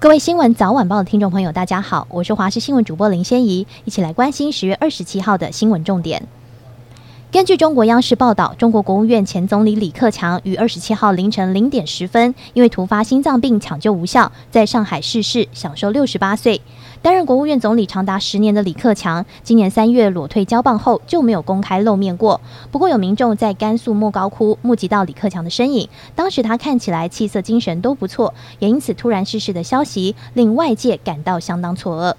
各位新聞早晚報的聽眾朋友，大家好，我是華視新聞主播林仙怡，一起來關心十月二十七號的新聞重點。根據中國央視報道，中國國務院前總理李克強於二十七號凌晨零點十分，因為突發心臟病搶救無效，在上海逝世，享壽六十八歲。擔任國務院總理長達十年的李克強，今年三月裸退交棒後就沒有公開露面過。不過有民眾在甘肅莫高窟目擊到李克強的身影，當時他看起來氣色精神都不錯，也因此突然逝世的消息令外界感到相當錯愕。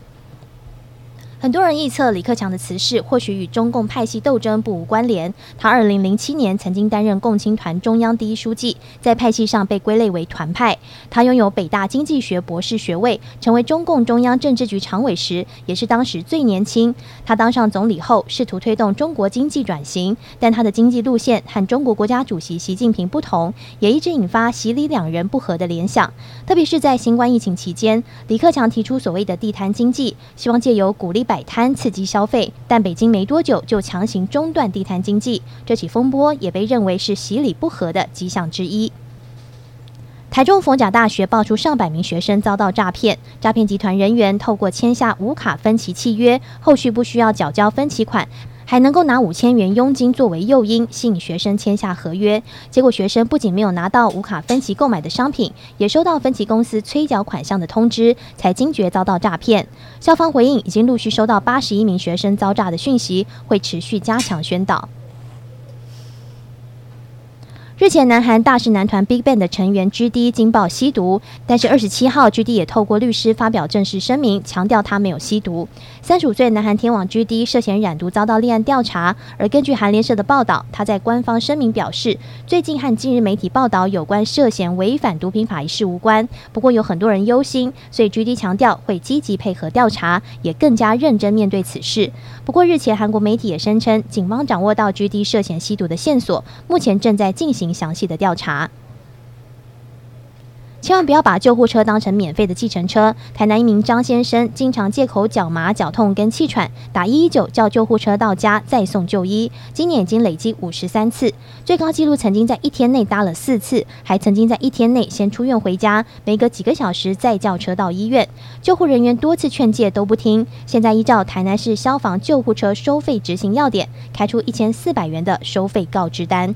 很多人預測李克強的辭世或許與中共派系鬥爭不無關聯。他2007年曾經擔任共青團中央第一書記，在派系上被歸類為團派。他擁有北大經濟學博士學位，成為中共中央政治局常委時也是當時最年輕。他當上總理後，試圖推動中國經濟轉型，但他的經濟路線和中國國家主席習近平不同，也一直引發習李兩人不和的聯想。特別是在新冠疫情期間，李克強提出所謂的“地攤經濟”，希望借由鼓勵。擺攤刺激消費，但北京沒多久就強行中斷地攤經濟。這起風波也被認為是習李不合的跡象之一。台中逢甲大學爆出上百名學生遭到詐騙，詐騙集團人員透過簽下無卡分期契約，後續不需要繳交分期款。還能夠拿五千元佣金作為誘因，吸引學生簽下合約。結果，學生不僅沒有拿到無卡分期購買的商品，也收到分期公司催繳款項的通知，才驚覺遭到詐騙。校方回應，已經陸續收到八十一名學生遭詐的訊息，會持續加強宣導。日前，南韓大勢男團 Big Bang 的成員 G D 驚爆吸毒，但是二十七號 G D 也透過律師發表正式聲明，強調他沒有吸毒。三十五歲南韓天王 G D 涉嫌染毒遭到立案調查，而根據韓聯社的報道，他在官方聲明表示，最近和今日媒體報道有關涉嫌違反毒品法一事無關。不過有很多人憂心，所以 G D 強調會積極配合調查，也更加認真面對此事。不過日前韓國媒體也聲稱，警方掌握到 G D 涉嫌吸毒的線索，目前正在進行。詳細的調查，千萬不要把救護車當成免費的計程車。台南一名張先生經常借口腳麻、腳痛跟氣喘，打一一九叫救護車到家再送就醫，今年已經累計五十三次，最高紀錄曾經在一天內搭了四次，還曾經在一天內先出院回家，每隔幾個小時再叫車到醫院。救護人員多次勸誡都不聽，現在依照台南市消防救護車收費執行要點，開出一千四百元的收費告知單。